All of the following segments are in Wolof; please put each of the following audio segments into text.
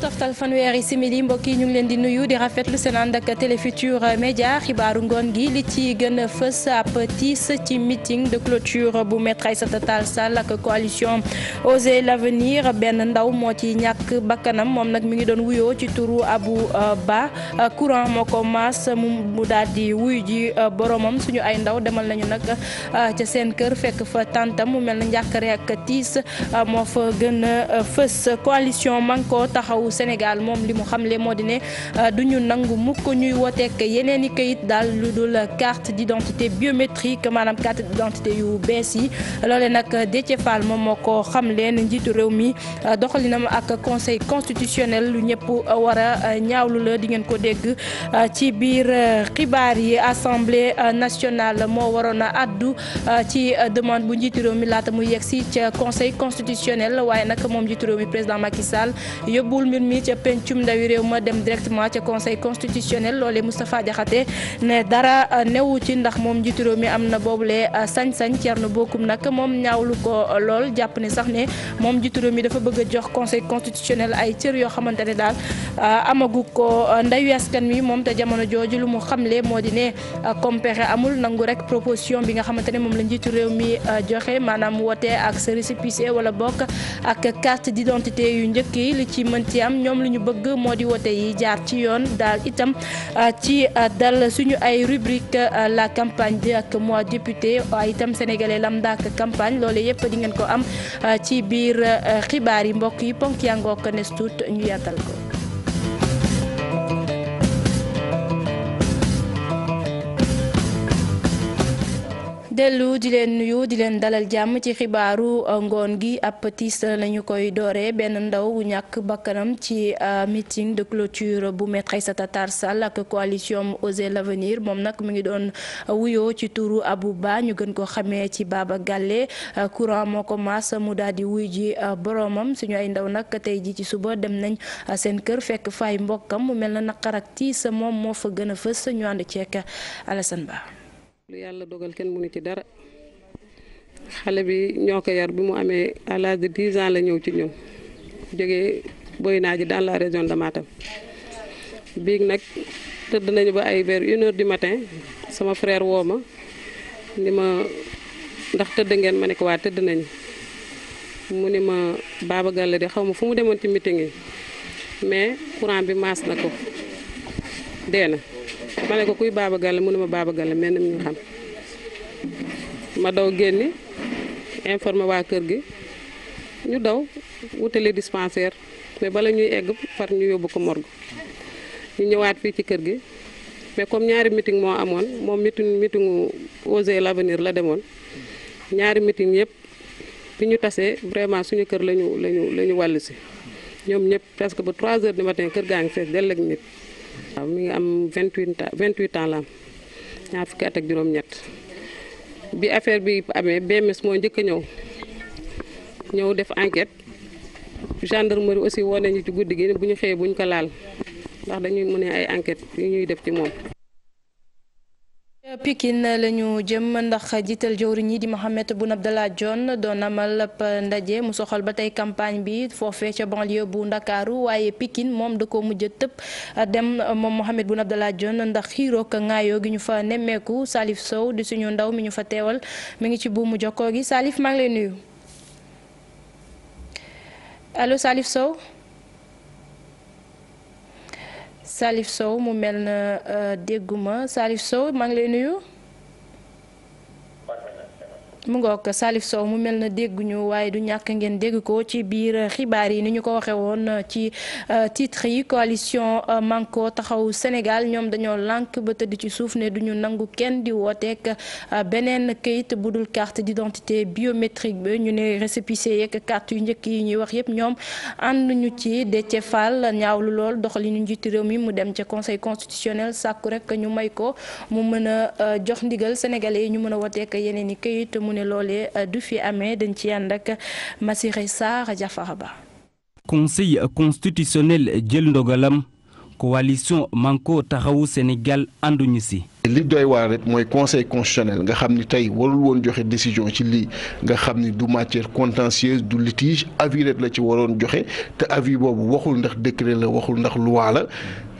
toftal fanweeri simili mbokk yi ñu ngi leen di nuyu di rafetlu seen ànd ak Télé Futurs Médias xibaaru ngoon gi li ci gën a fës ab tiis ci meeting de clôture bu Maître Aïssata Tall Sall ak coalition Osez l'Avenir benn ndaw moo ci ñàkk bakkanam moom nag mi ngi doon wuyoo ci turu Abou euh, Ba courant moo ko maas mu daal di wuyu ji euh, boromam suñu ay ndaw demal nañu nag euh, ca seen kër fekk fa tantam mu mel na njàkkare ak tiis moo fa gën a fës coalition Manko taxaw wu Sénégal moom li mu xamle moo di ne euh, du ñu nangu mukk ñuy wooteek yeneen i kayit daal lu dul carte d'identité biométrique maanaam carte d'identité yu bees yi loole nag Déthié Fall moo ko xam leen njiitu réew mi euh, doxalinam ak conseil constitutionnel lu ñëpp euh, war a ñaawlu la di ngeen ko dégg ci biir xibaar yi assemblée nationale moo waroon a addu ci demande bu njiitu réew mi laata muy yegg si ca conseil constitutionnel waaye nag moom njiitu réew mi président Macky Sall mbir mi ca pencum ndawi réew ma dem directement ca conseil constitutionnel loolee Moustapha Diakhaté ne dara euh, newu ci ndax moom njiitu réew mi na boobule euh, sañ nag moom ñaawlu ko lool jàpp ne sax ne moom njiitu mi dafa bëgg jox conseil constitutionnel ay cër yoo xamante ne daal euh, amagu ko ndawi askan wi moom te jamono jooju lu mu xamle moo di ne comme pexe amul nangu rek proposition bi nga xamante ne moom la njiitu réew mi joxe maanaam woote ak sa récépissé wala bokk ak carte d'identité yu njëkk li ci mën itam ñoom li ñu bëgg moo di wote yi jaar ci yoon daal itam ah, ci ah, dal suñu ay rubrique ah, la campagne bi ak moi député waaye itam sénégalais lambda ak campagne loole yëpp di ngeen ko am ci biir xibaar yi mbokk yi ponk yangook nes tuut ñu yaatal ko dellu di leen nuyu di leen dalal jàmm ci xibaaru uh, ngoon gi ab tiis lañu koy dooree benn ndaw bu ñàkk bakkanam ci uh, meeting de clôture bu Maître Aïssata Tall Sall ak coalition Osez l'Avenir moom nag mu ngi doon uh, wuyoo ci turu abu Ba ñu gën ko xamee ci Baba Galle courant moo ko maas mu daal di wuy ji boromam suñu ay ndaw nag tey ji ci suba dem nañ seen kër fekk fay mbokkam mu mel na naqar ak tiis moom moo fa gën a fës ñu ànd ceek Alassane Ba lu yàlla dogal kenn mu mënu ci dara xale bi ñoo ko yar bi mu amee à l'âge de dix ans la ñëw ci ñun jóge boy naa ji dans la région de Matam biig nag tëdd nañu ba ay vers une heure du matin sama frair woo ma ni ma ndax tëdd ngeen ma ne ko waa tëdd nañu mu ni ma Baba Galle de xaw ma fu mu demoon ci meeting yi mais courant bi maas na ko dee na ma ne ko kuy Baba Galle mu ne ma Baba Galle mel ni ñu xam ma daw génne informe waa kër gi ñu daw wutale dispensaire mais bala ñuy egg far ñu yóbbu ko morgue ñu ñëwaat fii ci kër gi mais comme ñaari meeting moo amoon moom meeting meetingu Oser l'avenir la demoon ñaari meeting yëpp bi ñu tasee vraiment suñu kër lañu lañu la ñu wàll si ñoom ñëpp presque ba 3 heures du matin kër gaa ngi fees dell ak nit waaw mi ngi am 28 ans 28 ans la am ñaar fukki at ak juróom-ñett bi affaire bi amee BMS moo njëkk a ñëw ñëw def enquête gendarmerie aussi woo nañu ci guddi gi bu ñu xëyee buñ ko laal ndax dañuy mu ne ay enquête yu ñuy def ci moom. pikin la ñu jëm ndax jiital jëwriñ yi di Mohamed Boun Abdallah Dionne doon amal ab ndaje mu soxal ba tey campagne bi foofe ca banlieue bu Ndakaaru waaye pikin moom da ko mujj tëb dem moom Mohamed Boun Abdallah Dionne ndax xiiroog ŋaayoo gi ñu fa nemmeeku Salif Sow di suñu ndaw mi ñu fa teewal mi ngi ci buumu jokkoo gi Salif mag ngi lay nuyu allo Salif Sow. Salif Sow mu mel na euh, dégguma Salif Sow maa ngi lay nuyu. mu ngoog Salif Sow mu mel na dégguñu waaye du ñàkk ngeen dégg ko ci biir xibaar yi ni ñu ko waxee woon ci euh, titre yi coalition euh, Manko taxaw Sénégal ñoom dañoo lank ba tëdd ci suuf ne duñu nangu kenn di wooteek euh, beneen këyit bu dul carte d'identité biométrique bi ñu ne récépissé yeeg carte yu njëkk yi ñuy wax yépp ñoom ànd ñu ci Déthié ñaaw lu lool doxalinu njiitu réew mi mu dem ca conseil constitutionnel sàkku rek ñu may ko mu mën jox ndigal sénégalais ne loolee euh, du fi amee dañ ci ànd ak euh, Massiré Sarr Diafara Ba conseil constitutionnel jël ndogalam coalition Manko Taxawu Sénégal ànduñu si li doy waa rek mooy conseil constitutionnel nga xam ni tey warul woon joxe décision ci lii nga xam ni du matière contentieuse du litige avis rek la ci waroon joxe te avis boobu waxul ndax décret la waxul ndax loi la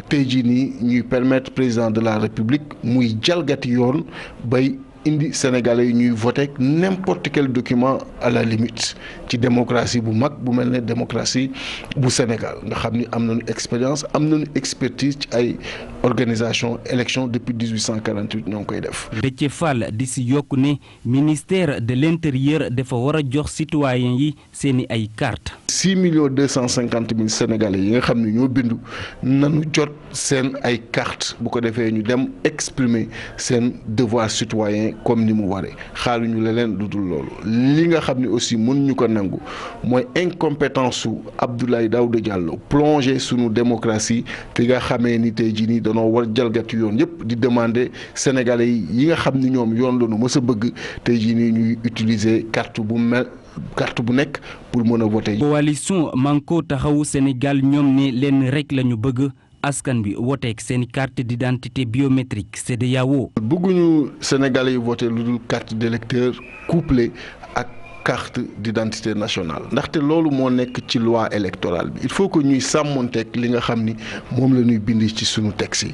tey jii nii ñuy permettre président de la république muy jalgati yoon bay indi sénégalais yi ñuy voté n'importe quel document à la limite ci démocratie bu mag bu mel ne démocratie bu Sénégal nga xam ni am nañu expérience am nañu expertise ci ay organisation élection depuis 1848 ñoo ngi koy def. Déthié Fall di si yokk ne ministère de l' intérieur dafa war a jox citoyen yi seeni ay carte six millions deux cent cinquante mille sénégalais yi nga xam ne ñoo bindu nañu jot seen ay carte bu ko defee ñu dem exprimer seen devoir citoyen comme ni mu waree xaaruñu leen du dul loolu li nga xam ne aussi mën ñu ko nangu mooy incompétence su Abdoulaye Daouda Diallo plongé sunu démocratie fi nga xamee ni tey jii nii danoo war jalgati yoon yëpp di demander sénégalais yi nga xam ni ñoom yoon la ñu bëgg te jii nii ñuy utiliser carte bu mel carte bu nekk pour mën a voter. coalition Manko taxawu Sénégal ñoom ne leen rek la ñu bëgg. askan bi woteek seen di d'identité biométrique CEDEAO bëgguñu Sénégalais yi voté lu dul carte d'électeur couplé ak di d'identité nationale ndaxte loolu moo nekk ci loi électorale bi il faut que ñuy sàmmonteeg li nga xam ni moom la ñuy bind ci suñu teg si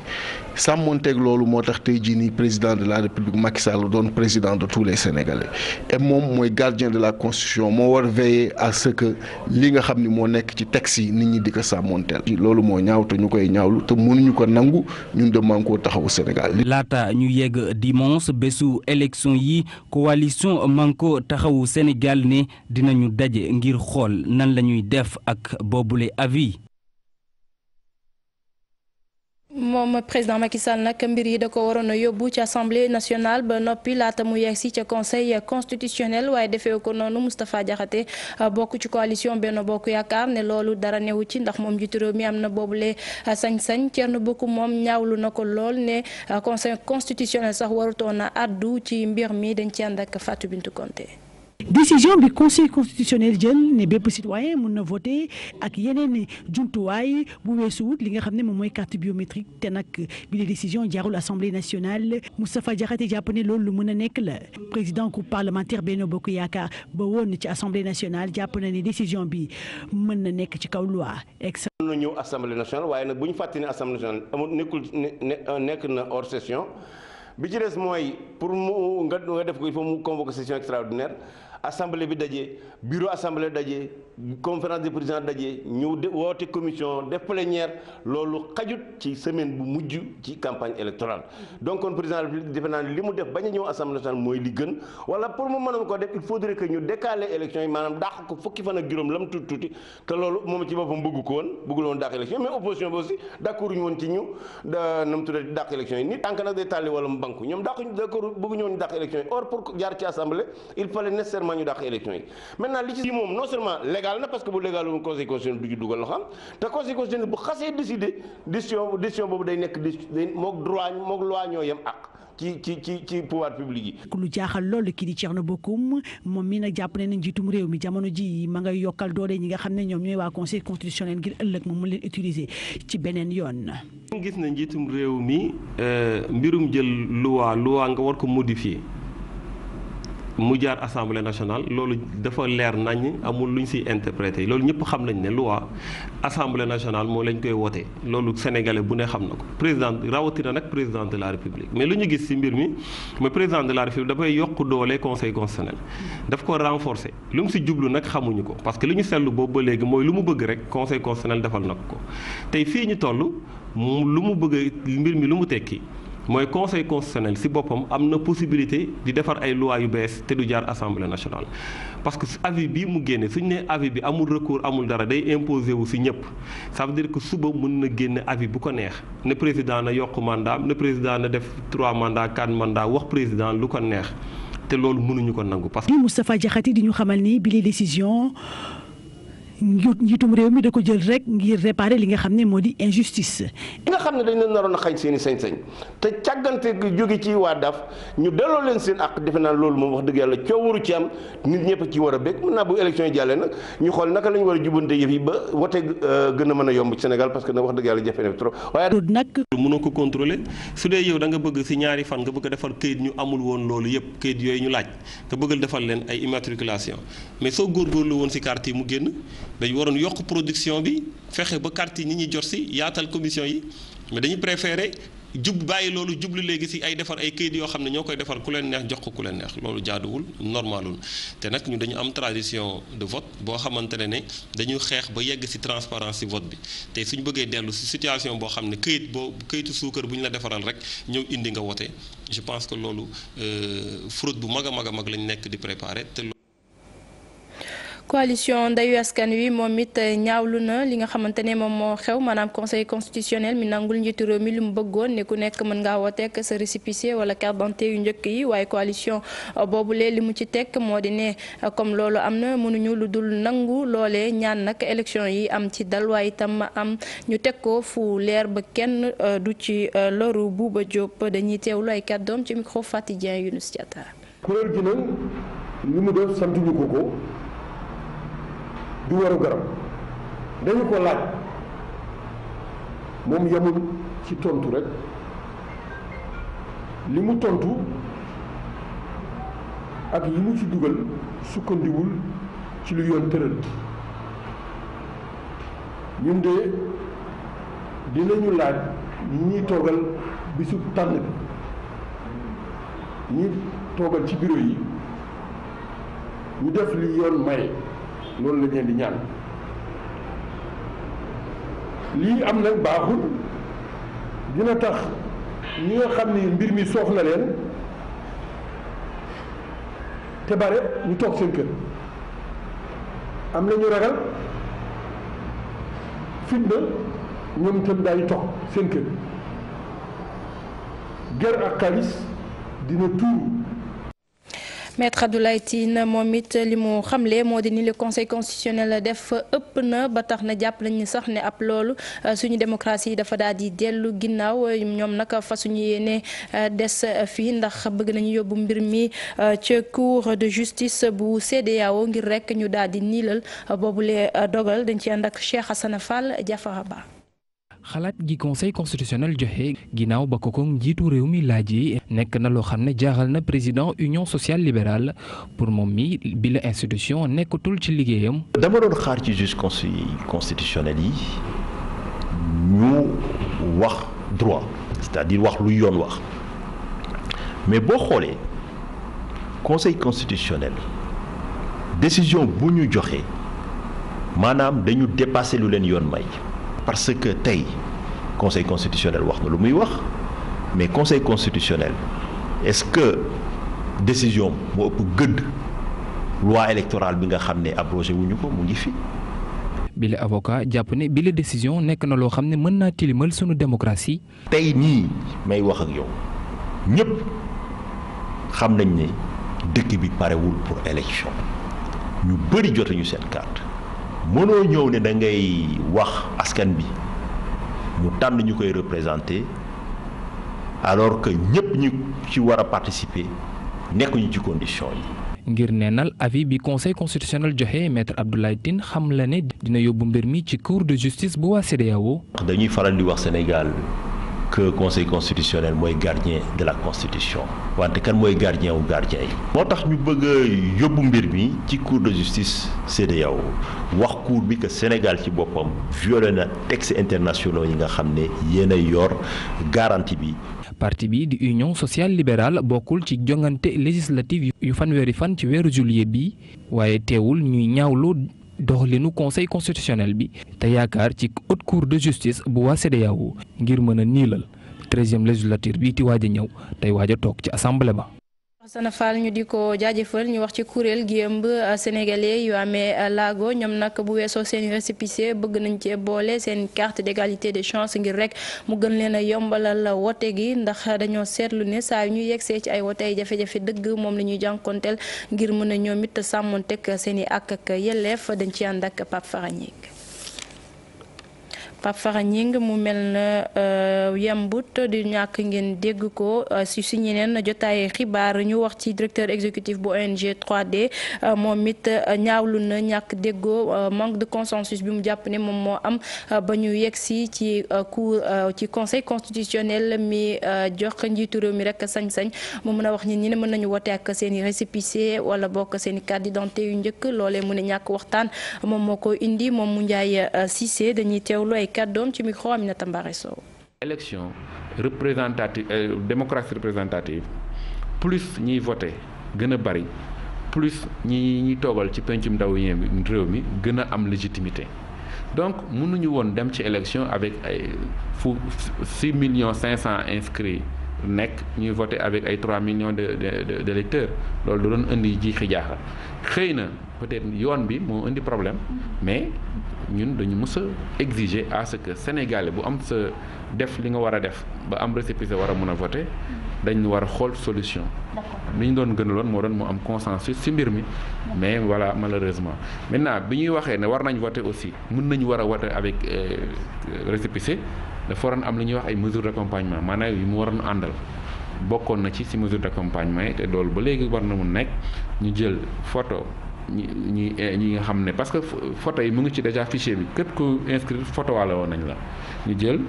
sàmmonteeg loolu moo tax tey jii nii président de la république Macky Sall doon président de tous les sénégalais et moom mooy gardien de la constitution moo war veiller à ce que li nga xam ni moo nekk ci texte yi nit ñi di ko sàmmonteel. loolu moo ñaaw te ñu koy ñaawlu te mënuñu ko nangu ñun de Manko Taxawu Sénégal. laata ñu yegg dimanche bésu élection yi coalition Manko Taxawu Sénégal ne dinañu daje ngir xool nan la ñuy def ak boobule avis. moom président Macky Sall nag mbir yi da ko waroon a yóbbu ca assemblée nationale ba noppi laata mu yegg si ca conseil constitutionnel waaye defee ko noonu Moustapha Diakhaté euh, bokk ci coalition Benno Bokk Yaakaar ne loolu dara newu ci ndax moom jiitu réew mi am na boobulee euh, sañ-sañ Thierno Bokk moom ñaawlu na ko lool ne euh, conseil constitutionnel sax warutoon na addu ci mbir mi dañ ci ànd ak Fatou Bintou Conté. décision bi conseil constitutionnel jël ne bépp citoyen mun na voter ak yeneen jumtuwaay bu weesuwut li nga xam ne moom mooy carte biométrique te nag bi la décision jaarul assemblée nationale Moustapha Diakhaté jàpp ne loolu lu mën a nekk la président groupe parlementaire Benno Bokk Yaakaar ba woon ci assemblée nationale jàpp na ne décision bi mën na nekk ci kaw loi. mën na ñëw assemblée nationale waaye nag bu ñu fàttali ne assemblée nationale amul nekkul euh, nekk na hors session bi ci des mooy pour mu nga def ko il faut assemblée bi daje bureau assemblée daje conférence des présidents dajee ñëw de woote commission def plénière loolu xajut ci semaine bu mujj ci campagne électorale donc kon président de la li mu def bañ a ñëw assemblée nationale mooy li gën wala pour mu mënoon ko def il faudrait que ñu décaler élection yi maanaam dàq ko fukki fan juróom lam tuuti tuuti te loolu moom ci boppam bëgg ko woon bëggul woon woon ci da na mu tuddee élection yi nit tànk nag day tàlli woon ci assemblée il fallait élection légal na parce que bu légal woon conseil constitutionnel du ci dugal loo xam te conseil constitutionnel bu xasee décidé décision boobu day nekk day moog droit moog loi ñoo yem ak ci ci ci ci pouvoir public yi. lu jaaxal loolu kii di Thierno Bocoum moom mi nag jàpp ne ne njiitum réew mi jamono ji ma nga yokkal doole ñi nga xam ne ñoom ñooy waa conseil constitutionnel ngir ëllëg moom mu leen utiliser ci beneen yoon. na gis na njiitum réew mi euh, mbirum jël loi lu nga war ko modifier. mu jaar assemble nationale loolu dafa leer nañ amul lu ñu siy interprété loolu ñëpp xam nañ ne waa assemblée nationale moo lañ koy wootee loolu sénégalais bu ne xam na ko président rawatina nag président de la république mais lu ñu gis si mbir mi ma président de la république dafay yokk doole conseil constitutionnel daf ko renforcer lu mu si jublu nag xamuñu ko parce que li ñu seetlu boobu ba léegi mooy lu mu bëgg rek conseil constitutionnel defal na ko ko tey fii ñu toll lu mu bëgg mbir mi lu mu tekki mooy conseil constitutionnel ci boppam am na possibilité di defar ay loi yu bees te du jaar assemblée nationale. parce que avis bii mu génne ñu ne avis bi amul recours amul dara day imposer wu ci ñëpp ça veut dire que suba mën na génne avis bu ko neex ne président na yokk mandat ne président na def trois mandats quatre mandats wax président lu ko neex te loolu mënuñu ko nangu parce que. Moustapha di ñu xamal ni bile décision. njiitum réew mi da ko jël rek ngir réparer li nga xam ne moo di injustice. li nga xam ne dañ leen naroon a xañ seeni sañ-sañ te càggante gi jóge ci waa daf ñu delloo leen seen ak defe naa loolu moom wax dëgg yàlla coow waru ci am nit ñëpp ci war a bëgg mën naa bu élection yi jàllee nag ñu xool naka lañu war a jubante yëf yi ba wote euh, gën a mën a yomb ci Sénégal parce que na wax dëgg yàlla jafe na trop waaye. loolu nag. mënoo ko contrôler su dee yow da nga bëgg si ñaari fan nga bëgg a defar ñu amul woon loolu yëpp kayit yooyu ñu laaj nga bëggal defal leen ay immatriculation mais woon si carte mu génn dañu waroon yokk production bi fexe ba carte yi ñi ñuy jot si yaatal commission yi mais dañu préféré jub bàyyi loolu jublu léegi si ay defar ay këyit yoo xam ne ñoo koy defar ku leen neex jox ko ku leen neex loolu jaaduwul normalul te nag ñu dañu am tradition de vote boo xamante ne ne dañu xeex ba yegg si transparence si vote bi te suñu bëggee dellu si situation boo xam ne këyit boo këyitu suukar bu ñu la defaral rek ñëw indi nga wote je pense que loolu euh, fraude bu mag a a mag lañ nekk di préparer coalition Ndayu Askan Wi moom it eh, ñaawlu na li nga xamante ne moom moo xew maanaam conseil constitutionnel mi nangul njiitu réew mi lu mu bëggoon ne ku nekk mën ngaa wooteek sa récépissé wala carte yu njëkk yi waaye coalition eh, boobulee li mu ci tekk moo di ne eh, comme loolu am na mënuñu lu dul nangu loole ñaan nag élection yi am ci dal waaye itam am ñu teg ko fu leer ba kenn du ci loru buuba Diop dañuy teewlu ay kàddoom ci micro Faty Dieng Younous du waru garam dañu ko laaj moom yemul ci tontu rekk li mu tontu ak li mu ci dugal sukkandiwul ci lu yoon tëral ñun de dinañu laaj ñi ñuy toogal bisu tànn bi ñi toogal ci bureau yi ñu def li yoon maye loolu la leen di ñaan lii am nag baaxul dina tax ñi nga xam ni mbir mi sooxla leen te bare ñu toog seen kër am na ñu ragal fitna ñoom itam daañu toog seen kër ger ak xaalis dina tuur maître Abdoulaye Tine moom it li mu xamle moo di ni le conseil constitutionnel def ëpp na ba tax na jàpp nañu sax ne ab loolu euh, suñu démocratie dafa daal di dellu ginnaaw euh, ñoom nag fasuñu yéene euh, des fii ndax bëgg nañu yóbbu mbir mi ca cour de justice bu CEDEAO ngir rek ñu daal di niilal boobule dogal dañ ci ànd ak Cheikh Hassana Fall Ba xalaat gi conseil constitutionnel joxe ginnaaw ba ko ko njiitu réew mi laajee nekk na loo xam ne jaaxal na président union sociale libérale pour moom mi bi la nekkatul ci liggéeyam. dama doon xaar ci juge conseil constitutionnel yi ñu wax droit c'est-à-dire wax lu yoon wax mais boo xoolee conseil constitutionnel décision bu ñu joxe maanaam dañu dépasser lu leen yoon may. parce que tey conseil constitutionnel wax na lu muy wax mais conseil constitutionnel est-ce que décision moo ëpp gëdd loi électorale bi nga xam ne wu ñu ko mu ngi fi. bile avocat jàpp ne bile décision nekk na loo xam ne mën naa tilimal sunu démocratie. tey nii may wax ak yow ñëpp xam nañ ne dëkk bi parewul pour élection ñu bëri jotuñu seen carte mënoo ñëw ne da ngay wax askan bi ñu tànn ñu koy représenté alors que ñëpp ñu ci war a participer nekkuñu ci condition yi. ngir neenal avis bi conseil constitutionnel joxe maître Abdoulaye Tine xam la ne dina yóbbu mbir mi ci cour de justice bu waa CEDEAO. dañuy faral di wax Sénégal. que conseil constitutionnel mooy gardien de la constitution wante kan mooy gardien wu gardien yi. moo tax ñu bëgg a yóbbu mbir mi ci cour de justice CEDEAO wax cour bi que Sénégal ci boppam violé na textes internationaux yi nga xam ne yéen a yor garanti bi. parti bi di union sociale libéral bokkul ci jongante législative yu fanweeri fan ci weeru juillet bi waaye teewul ñuy ñaawlu. doxalinu conseil constitutionnel bi te yaakaar ci haute cour de justice bu waa CEDEAO ngir mën a niilal treizième législature bii ti waaj a ñëw tey waaja toog ci assemblée ba Sana Fall ñu di ko jaajëfal ñu wax ci kuréel gi ëmb euh, sénégalais yu amee euh, laago ñoom nag bu weesoo seen récépissé bëgg nañ ci boole seen carte d'égalité des chances ngir rek mu gën leen a yombalal wote gi ndax dañoo seetlu ne saa yu ñu yegsee ci ay wote ay jafe-jafe dëgg moom la ñuy jànkonteel ngir mën a ñoom it sàmmoon teg seen i ak ak yelleef dañ ci ànd ak Pape Farañik Pape Fara Ñing mu mel na euh, yembut di ñàkk ngeen dégg ko euh, si suñu neen jotaay xibaar ñu wax ci directeur exécutif bu ONG trois d euh, moom it ñaawlu na ñàkk déggo manque de consensus bi mu jàpp ne moom moo am ba ñu yegg si ci cour ci conseil constitutionnel mi jox njiitu réew mi rek sañ-sañ mu mën a wax nit ñi ne mën nañu wote ak seen i wala bokk seeni i carte yu njëkk loolee mu ne ñàkk waxtaan moom moo ko indi moom mu njaay Cissé dañuy teewlu ay kàddoom ci micro Aminata Mbaré Sow élection représentative euh, démocratie représentative plus ñuy voté gën a bari plus ñi ñuy toogal ci pencum ndaw bi réew mi gën a am légitimité donc mënuñu woon dem ci élection avec ay fu 6 millions 500 inscrits nekk ñuy voté avec ay 3 millions de de d'électeurs loolu da doon indi jiixi jaaxa xëy na peut yoon bi moo indi problème mais ñun dañu mës a exiger que sénégalais bu am sa def li nga war a def ba am récépissé war a mun a voter dañ war a xool solution. li ñu doon gënaloon moo doon mu am consensus ci mbir mi. mais voilà malheureusement maintenant bi ñuy waxee ne war nañ voter aussi mun nañu war a voter avec euh, euh, récépissé dafa waroon am lu ñuy wax ay mesures d'accompagnement maanaam yu mu waroon àndal. bokkoon na ci ci mesure d'accompagnement yi te loolu ba léegi war na mu nekk ñu jël photo ñi ñi eh, ñi nga xam ne parce que photo yi mu ngi ci déjà fichier bi képp ko inscrire photo waale nañ la ñu jël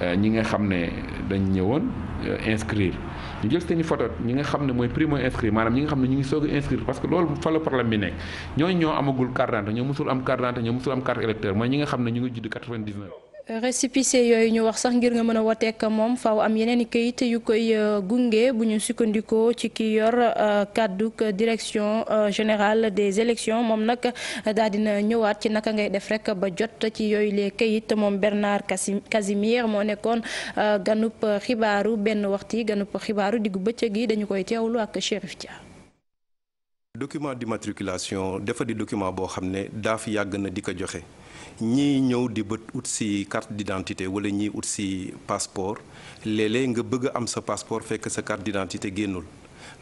eh, ñi nga xam ne dañ ñëwoon eh, inscrire ñu jël seeni photo ñi nga xam ne mooy primo inscrire maanaam ñi nga xam ne ñu ngi soog a inscrire loolu fa la problème bi nekk ñooñu ñoo amagul carte ñoo mosul am carte ñoo mosul am carte électeur mooy ñi nga xam ne ñu ngi judd 99 récépissé yooyu ñu wax sax ngir nga mën a woteek moom faw am yeneen i kayit yu koy euh, gunge bu ñu sukkandikoo ci ki yor euh, kàdduk direction euh, générale des élections moom nag daal dina ñëwaat ci naka ngay def rek ba jot ci yooyu les kayit moom Bernard Casimir moo nekkoon ganub xibaaru benn waxtu ganub xibaaru diggu bëccëg yi dañu koy teewlu ak Chérif Dia. document d'immatriculation dafa di boo xam ne daaf yàgg na di ko joxe. ñii ñëw di bët ut si carte d'identité wala ñii ut si passeport léeg-léeg nga bëgg am sa passeport fekk sa carte d'identité génnul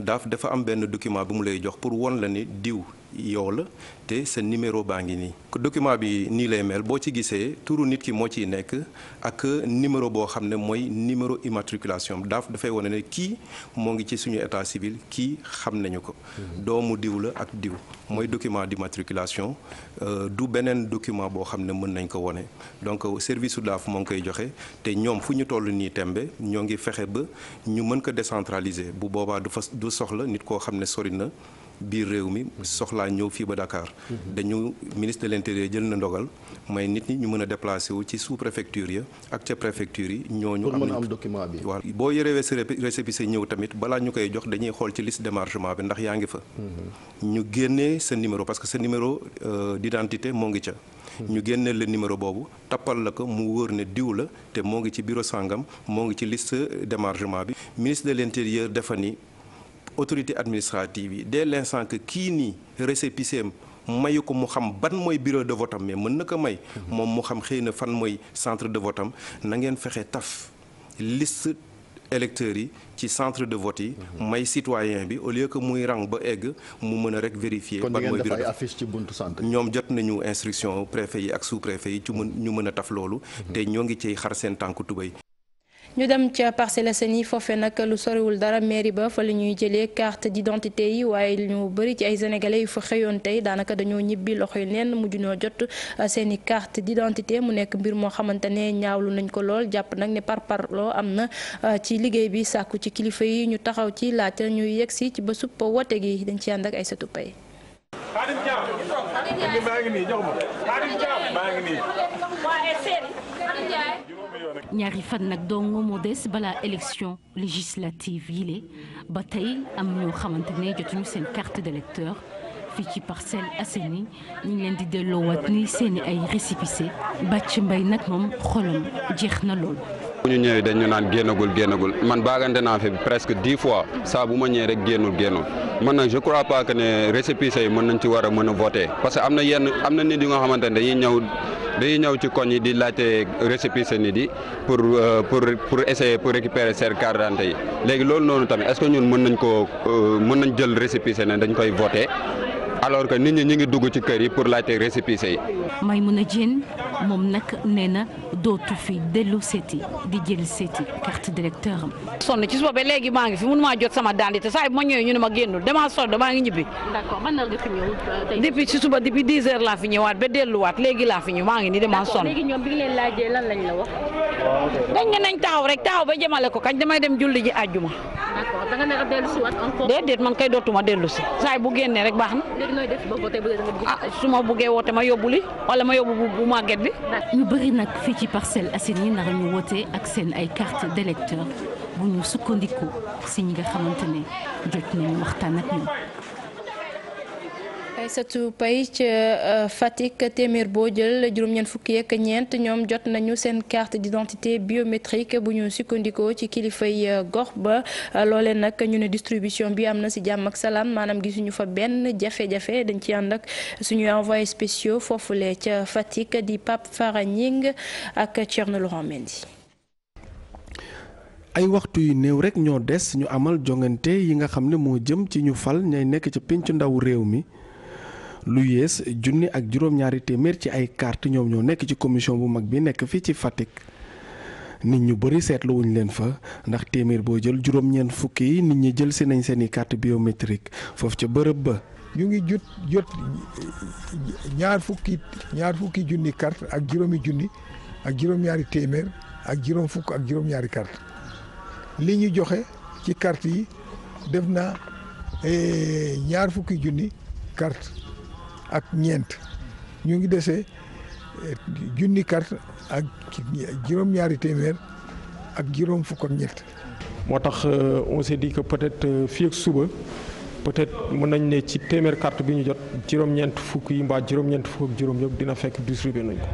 daaf dafa am benn document bu mu lay jox pour won la ni diw yow la te sa numéro baa ngi nii document bi nii lay mel boo ci gisee turu nit ki moo ciy nekk ak numéro boo xam ne mooy numéro immatriculation daaf dafay wane ne kii moo ngi ci suñu état civil kii xam nañu ko hmm. doomu diw la ak diw mooy document d'immatriculation euh, du beneen document boo xam ne mën nañ ko wane donc service su daaf moo ngi koy joxe te ñoom fu ñu toll nii tembe ñoo ngi fexe ba ñu mën ko décentraliser bu boobaa du fa du soxla nit koo xam ne sori na biir réew mi soxlaa ñëw fii ba Dakar dañu ministre de l'intérieur jël na ndogal may nit ñi ñu mën a déplacé wu ci sous préfecture ya ak ca préfecture yi ñooñu am document bi waaw boo yorewee sa récépissé ñëw tamit balaa ñu koy jox dañuy xool ci liste démarchement bi ndax yaa ngi fa mhm. ñu génnee sa numéro parce que sa numéro euh, d'identité moo ngi ca mhm. ñu génnee la numéro boobu tappal la ko mu wóor ne diw la te moo ngi ci bureau sangam moo ngi ci list démarchement bi ministre de l'intérieur dafa ni autorité administrative yi dès l'instant que kii nii récépissé mayu ko mu xam ban mooy bureau de vote am mais mën na ko may moom mu xam xëy na fan mooy centre de vote am na ngeen fexe taf liste électeurs yi ci centre de vote yi may citoyen bi au lieu que muy rang ba egg mu mën a rek vérifier ban mooy bureau affiche ci buntu centre ñoom jot nañu instruction préfet yi ak sous préfet yi ci mën ñu mën a taf loolu mhm. te ñoo ngi ciy xar seen tànku tubéy ñu dem ca parce Parcelles Assainies foofee nag lu sorewul dara mairie ba fa la ñuy jëlee carte d'identité yi waaye ñu bëri ci ay sénégalais yu fa xëyoon tey daanaka dañoo ñibbi loxo yi neen mujj ñoo jot ah, seeni i carte d'identité mu nekk mbir moo xamante ne ñaawlu nañ ko lool jàpp nag ni par parloo am na ah, ci liggéey bi sàkku ci kilifa yi ñu taxaw ci laajte ñuy yegg si ci ba suppa wote gi dañ ci ànd ak ay satupay maa ñaari fan nag dong moo des balaa élection législative yile ba tey am ñoo xamante ne jotuñu seen carte d'électeur fii ci Parcelles Assainies ñu ngi leen di delloowaat ni seeni ay récépissé bàcc mbay nag moom xolam jeex na lool. bu ñu ñëwee dañ ñu naan génnagul génnagul man baagante naa fi presque dix fois saa bu ma ñëwee rek génnul génnul man nag je crois pas que ne récépissé yi mën nañ ci war a mën a voter parce que am na yenn am na nit yu nga xamante ne dañuy ñëw dañuy ci koñ yi di laajte récépissé nit yi pour euh, pour pour essayer pour récupérer seen carte d'identité yi léegi loolu noonu tamit est-ce que ñun mën nañ koo euh, mën nañ jël récépissé ne dañ koy voter alors que nit ñi ñu ngi dugg ci kër yi pour laajte récépissé yi. Maimouna Dieng moom nag nee na dootu fi dellu seeti di jël seeti carte directeur am. sonn ci suba be léegi maa ngi fi mun maa jot sama dandi te saa ma ñëwee ñu ne ma génnul damaa sonn damaa ngi ñibbi. d'accord man nga fi ñëw euh, depuis ci suba depuis 10 heures laa fi ñëwaat ba delluwaat léegi laa fi ñëw maa ngi nii damaa sonn. léegi ñoom bi ñu leen laajee lan lañ la wax. dañ ne nañ taxaw rek taxaw ba jamale ko kañ damay dem julli ji àjjuma. d'accord da nga ne dellu man kay dootuma dellu si saa bu génnee rek baax na nooy def ba voté ah, su ma buggee woote ma yóbbu li wala ma yóbbu bu màgget bi. ñu bëri nag fii ci parcelle Parcelles yi nar ñu woote ak seen ay carte d'électeur bu ñu sukkandiku si ñi nga xamante ne jot nañu waxtaan ak ñoom. Aïssatou Paye ca euh, Fatick téeméer boo jël juróom fukki ak ñeent ñoom jot nañu seen carte d'identité biométrique bu ñu sukkandikoo ci kilifay euh, gox ba loolee nag ñu ne distribution bi am na si jàmm ak salaam maanaam gisuñu fa benn jafe-jafe dañ ànd ak suñuy envoyé spéciaux foofule ca Fatick di Pape Ñing ak Thierno Laurent Mendy. ay waxtu yu néew rek ñoo des ñu amal jongante yi nga xam ne moo jëm ci ñu fal ñay nekk ci péncu ndaw réew mi lu yées junni ak juróom-ñaari téeméer ci ay carte ñoom ñoo nekk ci commission bu mag bi nekk fii ci Fatick nit ñu bëri seetlu leen fa ndax téeméer boo jël juróom-ñeent fukki nit ñi jël si nañ seeni carte biométrique foofu ca bërëb ba. ñu ngi jot jot ñaar fukki ñaar junni carte ak juróomi junni ak juróom-ñaari téeméer ak juróom fukk ak juróom-ñaari carte li ñu joxe ci carte yi def na eh, ñaar fukki junni carte. ak ñeent ñu ngi dese eh, junni carte ak juróom-ñaari téeméer ak juróom fukk ak ñett. moo tax euh, on s'est dit que peut-être euh, fii ak suba peut-être mën nañ ne ci téeméer kart bi ñu jot juróom-ñeent fukk yi mbaa juróom-ñeent fukk ak juróom yëpp dina fekk distribué nañ ko.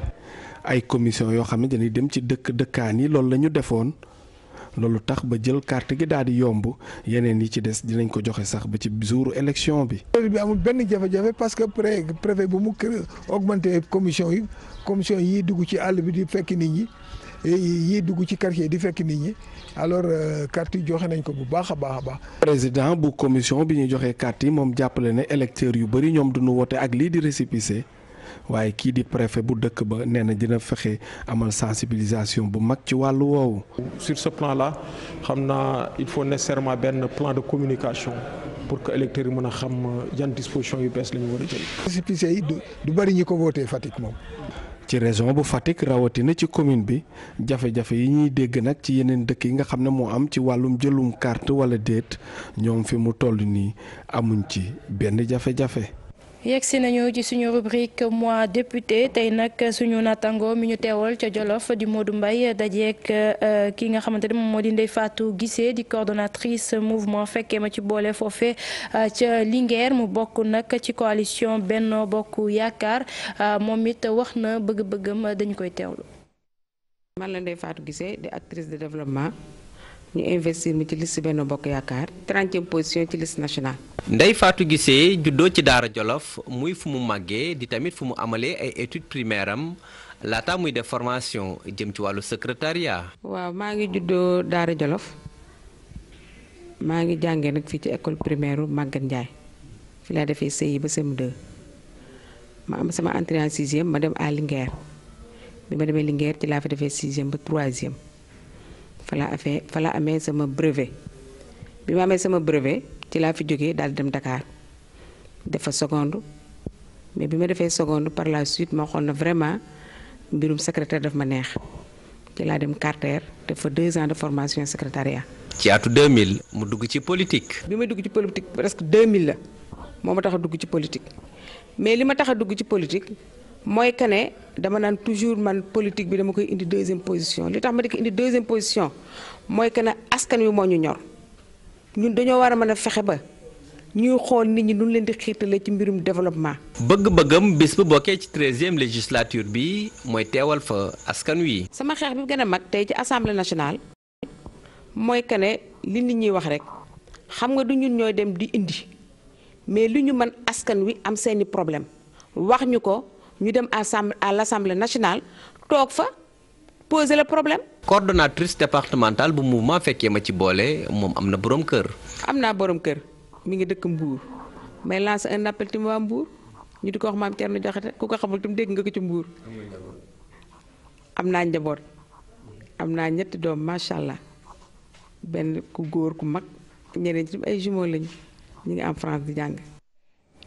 ay commission yoo xam ne dañuy dem ci dëkk dëkkaan yi loolu la defoon. loolu tax ba jël carte gi daal di yomb yeneen yi ci des dinañ ko joxe sax bi ci jouru élection bi. bi amul benn jafe parce que pré bu mu kër augmenté commission yi commission yi dugg ci àll bi di fekk nit ñi. yii dugg ci quartier di fekk nit ñi alors euh, carte yi joxe nañ ko bu baax a baax a président bu commission bi ñu joxee carte yi moom jàppale ne électeurs yu bëri ñoom duñu wote ak lii di récépissé waaye kii di préfet bu dëkk ba nee na dina fexe amal sensibilisation bu mag ci wàll woowu. sur ce plan la xam naa il faut ne nécessairement benn plan de communication. pour que électeurs yi mën a xam euh, yan disposition yu bees lañu ñu war jël. récépissé yi du du bëri ñi ko wootee Fatick moom. ci région bu Fatick rawatina ci commune bi jafe-jafe yi ñuy dégg nag ci yeneen dëkk yi nga xam ne moo am ci wàllum jëlum carte wala déet ñoom fi mu toll nii amuñ ci benn jafe-jafe. yegsi nañu ci suñu rubrique moi député tey nag suñu nattango mi ñu teewal ca Jolof di Modou Mbaye dajeek euh, ki nga xamante ne moom moo di Ndeye Fatou Guissé di coordonnatrice mouvement fekkee ma ci boole foofe euh, ca Linguère mu bokk nag ci coalition benn Bokk Yaakaar euh, moom it wax na bëgg-bëggam dañu koy teewlu. man la Ndeye Fatou Guissé di de développement. ñu investir mi ci liste benn bokk yaakaar 30e position ci liste nationale. Ndeye Fatou Guissé juddoo ci Daara Jolof muy fu mu màggee di tamit fu mu amalee ay études primaires am laata muy def formation jëm ci wàllu secrétariat. waaw maa ngi juddoo Daara Jolof maa ngi jàngee nag fii ci école primaire Maguette Ndiaye fi laa defee CI ba CM2 ma am sama entrée en sixième ma dem à Linguère bi ma demee Linguère ci laa fa defee sixième ba troisième. fa la afee amee sama brevet bi ma amee sama brevet ci laa fi jógee daal di dem ndakaar def fa seconde mais bi ma defee seconde par la suite ma xool na vraiment mbirum secrétaire daf ma neex ci laa dem Carter def fa deux ans de formation secrétariat. ci atu 2000 mu dugg ci politique. bi ma dugg ci politique presque 2000 la moo ma tax a dugg ci politique mais li ma tax dugg ci politique mooy que dama naan toujours man politique bi dama koy indi deuxième position li tax ma di ko indi deuxième position mooy que ne askan wi moo ñu ñor ñun dañoo war a mën a fexe ba ñuy xool nit ñi nu leen di xiirtalee ci mbirum développement. bëgg-bëggam bis bu bokkee ci treizième législature bi mooy teewal fa askan wi. sama xeex bi gën a mag tey ci assemblée nationale mooy que ne li nit ñuy wax rek xam nga du ñun ñooy dem di indi mais li ñu man askan wi am seeni problème wax ñu ko. ñu dem assemblée à l'Assemblée nationale toog fa poser le problème. coordonnatrice départementale bu mouvement fekkee ma ci boole moom am na boroom kër. am naa boroom kër mu ngi dëkk mbuur may lancer un appel tamit waa Mbour ñu di ko wax maam Thierno Diakhaté ku ko xamul tam dégg nga ko ci Mbour. am naa njaboot am naa ñetti doom macha allah benn ku góor ku mag ñeneen ci ay jumeaux lañu ñu ngi am France di jàng.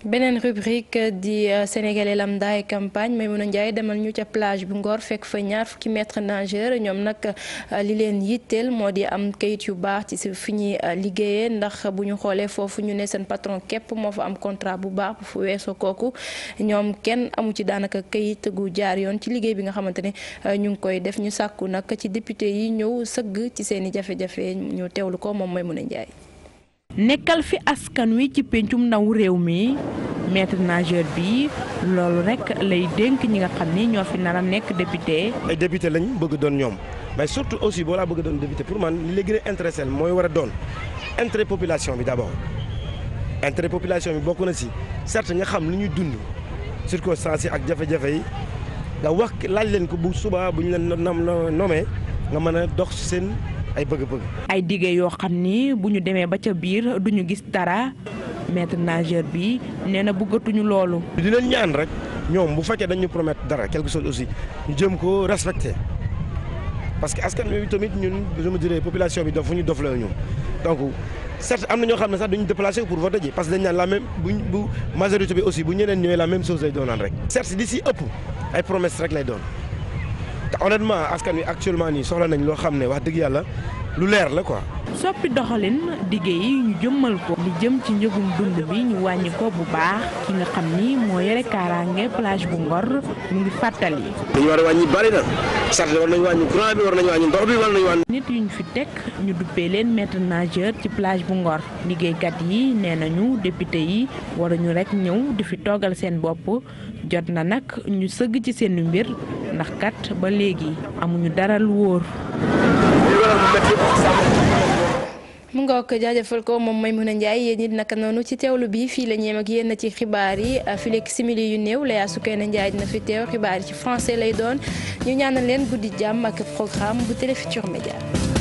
beneen rubrique di euh, sénégalais lambda ay campagne Maimouna Ndiaye demal ñu ca plage bu Ngor fekk fa ñaar fukki maître nageur ñoom nag euh, li leen yitteel moo di am kayit yu baax ci fi ñuy euh, liggéeyee ndax bu ñu xoolee foofu ñu ne seen patron képp moo fa am contrat bu baax bu fu weesoo kooku ñoom kenn amu ci daanaka kayit gu jaar yoon ci liggéey bi nga xamante ne ñu ngi koy def ñu sàkku nag ci député yi ñëw sëgg ci seen i jafe-jafe ñu teewlu ko moom Maimouna Ndiaye. nekkal fi askan wi ci péncum ndaw réew mi maître nageur bi loolu rek lay dénk ñi nga xam ni ñoo fi nar a nekk député. ay député lañ bëgg doon ñoom mais surtout aussi boo laa bëgg doon député pour man li la gën a mooy war a doon intérêt population bi d'abord intérêt population bi bokk na si certes nga xam lu ñuy dund circonstances yi ak jafe-jafe yi nga wax laaj leen ko bu suba bu ñu leen nommé nga mën a dox seen. ay bëgg-bëgg. ay dige yoo xam ni bu ñu demee ba ca biir du ñu gis dara maître nageur bi nee na bëggatuñu loolu. di leen ñaan rek ñoom bu fekkee dañu promettre dara quelque chose aussi ñu jëm ko respecté parce que askan wi tamit ñun je me population bi dof fu ñu dof la ñu donc. certes am na ñoo xam ne sax duñu déplacé pour voter ji parce que dañ naan la même buñ bu majorité bi aussi bu ñeneen ñëwee la même chose lay doonaan rek certes li si ëpp ay promesse rek lay doon te honnêtement askan wi actuellement nii soxla nañ loo xam ne wax dëgg yàlla lu leer la quoi. soppi doxalin liggéey yi ñu jëmmal ko li jëm ci njëgum dund bi ñu wàññi ko bu baax ki nga xam ni moo yore kaaraange plage bu Ngor mu ngi fàttali. li ñu war wàññi bari na sart war nañu wàññi courant bi war nañu wàññi ndox bi war nañu wàññi. nit yu ñu fi teg ñu duppee leen maître nageur ci plage bu liggéeykat yi nee nañu député yi waruñu rek ñëw di fi toogal seen bopp jot na nag ñu sëgg ci seen mbir ndax kat ba léegi amuñu dara lu wóor. mu nga ko jaajëfal ko moom a Ndiaye yéen it naka noonu ci teewlu bi fii la ñeem ak yéen ci xibaar yi euh, fii léegi simili yu néew Leya Sukeyna Ndiaye dina fi teew xibaar yi ci français lay doon ñu ñaanal leen guddi jàmm ak programme bu Télé Futurs Médias